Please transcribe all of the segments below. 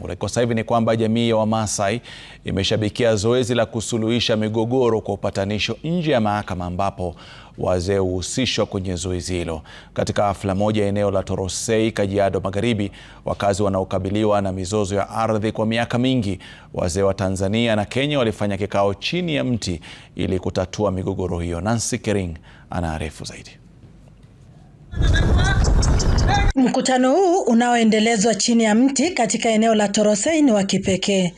Wetangula. Kwa sasa hivi ni kwamba jamii ya Wamasai imeshabikia zoezi la kusuluhisha migogoro kwa upatanisho nje ya mahakama ambapo wazee huhusishwa kwenye zoezi hilo. Katika hafla moja eneo la Torosei, Kajiado Magharibi, wakazi wanaokabiliwa na mizozo ya ardhi kwa miaka mingi, wazee wa Tanzania na Kenya walifanya kikao chini ya mti ili kutatua migogoro hiyo. Nancy Kering anaarifu zaidi. Mkutano huu unaoendelezwa chini ya mti katika eneo la Torosei ni wa kipekee.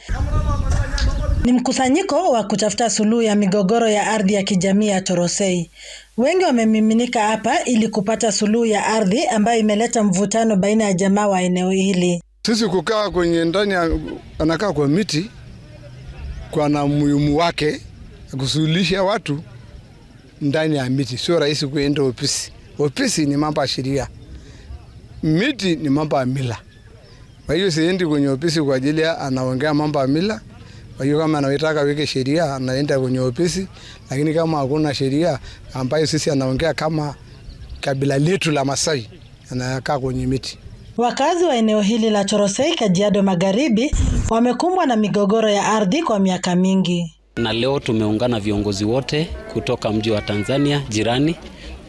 Ni mkusanyiko wa kutafuta suluhu ya migogoro ya ardhi ya kijamii ya Torosei. Wengi wamemiminika hapa ili kupata suluhu ya ardhi ambayo imeleta mvutano baina ya jamaa wa eneo hili. Sisi kukaa kwenye ndani ya anakaa kwa miti kwa na muhimu wake kusuluhisha watu ndani ya miti sio rahisi kuenda ofisi. Ofisi ni mambo ya sheria. Miti ni mambo ya mila, kwa hiyo siendi kwenye ofisi kwa ajili anaongea mambo ya mila. Kwa hiyo kama anaitaka weke sheria anaenda kwenye ofisi, lakini kama hakuna sheria ambayo sisi anaongea kama kabila letu la Masai anakaa kwenye miti. Wakazi wa eneo hili la Chorosei, Kajiado Magharibi, wamekumbwa na migogoro ya ardhi kwa miaka mingi, na leo tumeungana viongozi wote kutoka mji wa Tanzania jirani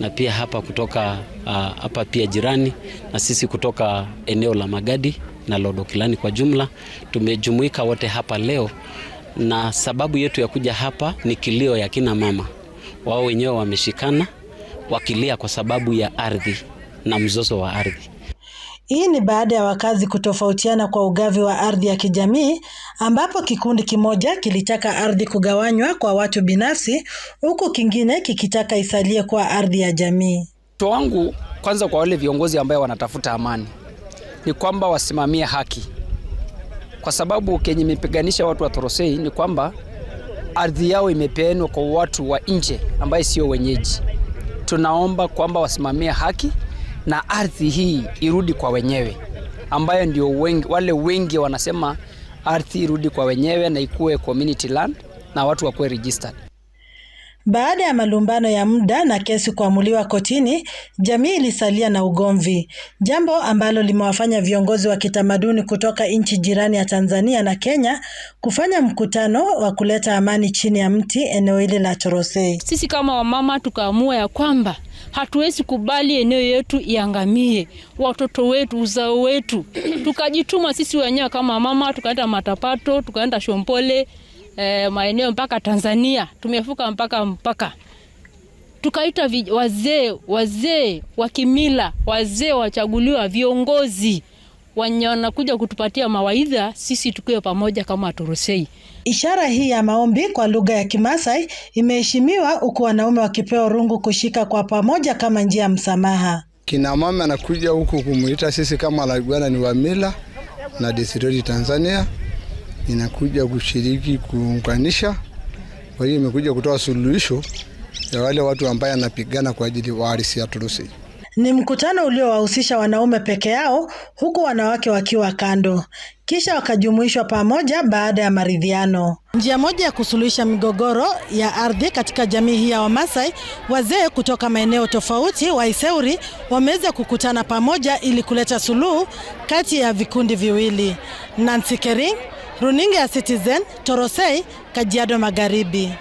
na pia hapa kutoka uh, hapa pia jirani na sisi kutoka eneo la Magadi na Lodokilani kwa jumla tumejumuika wote hapa leo, na sababu yetu ya kuja hapa ni kilio ya kina mama. Wao wenyewe wameshikana wakilia kwa sababu ya ardhi na mzozo wa ardhi. Hii ni baada ya wakazi kutofautiana kwa ugavi wa ardhi ya kijamii ambapo kikundi kimoja kilitaka ardhi kugawanywa kwa watu binafsi huku kingine kikitaka isalie kwa ardhi ya jamii. Wito wangu kwanza kwa wale viongozi ambao wanatafuta amani ni kwamba wasimamie haki, kwa sababu kenye imepiganisha watu wa Torosei ni kwamba ardhi yao imepeanwa kwa watu wa nje ambaye sio wenyeji. Tunaomba kwamba wasimamie haki na ardhi hii irudi kwa wenyewe, ambayo ndio wengi, wale wengi wanasema ardhi irudi kwa wenyewe na ikuwe community land na watu wakuwe registered. Baada ya malumbano ya muda na kesi kuamuliwa kotini, jamii ilisalia na ugomvi, jambo ambalo limewafanya viongozi wa kitamaduni kutoka nchi jirani ya Tanzania na Kenya kufanya mkutano wa kuleta amani chini ya mti eneo hili la Torosei. Sisi kama wamama tukaamua ya kwamba hatuwezi kubali eneo yetu iangamie, watoto wetu, uzao wetu. Tukajituma sisi wenyewe kama mama, tukaenda Matapato, tukaenda Shompole eh, maeneo mpaka Tanzania, tumefuka mpaka mpaka tukaita wazee wazee wa kimila, wazee wachaguliwa, viongozi wenye wanakuja kutupatia mawaidha, sisi tukiwe pamoja kama Turusei. Ishara hii ya maombi kwa lugha ya Kimasai imeheshimiwa huku wanaume wakipewa rungu kushika kwa pamoja kama njia ya msamaha. Kina mama anakuja huku kumuita sisi kama Laibwana ni wa mila na desturi Tanzania inakuja kushiriki kuunganisha. Kwa hiyo imekuja kutoa suluhisho ya wale watu ambaye anapigana kwa ajili waharisi ya Turusi. Ni mkutano uliowahusisha wanaume peke yao huku wanawake wakiwa kando, kisha wakajumuishwa pamoja baada ya maridhiano. Njia moja ya kusuluhisha migogoro ya ardhi katika jamii hii ya Wamasai, wazee kutoka maeneo tofauti Waiseuri wameweza kukutana pamoja ili kuleta suluhu kati ya vikundi viwili. Nancy Kering, Runinga ya Citizen, Torosei, Kajiado Magharibi.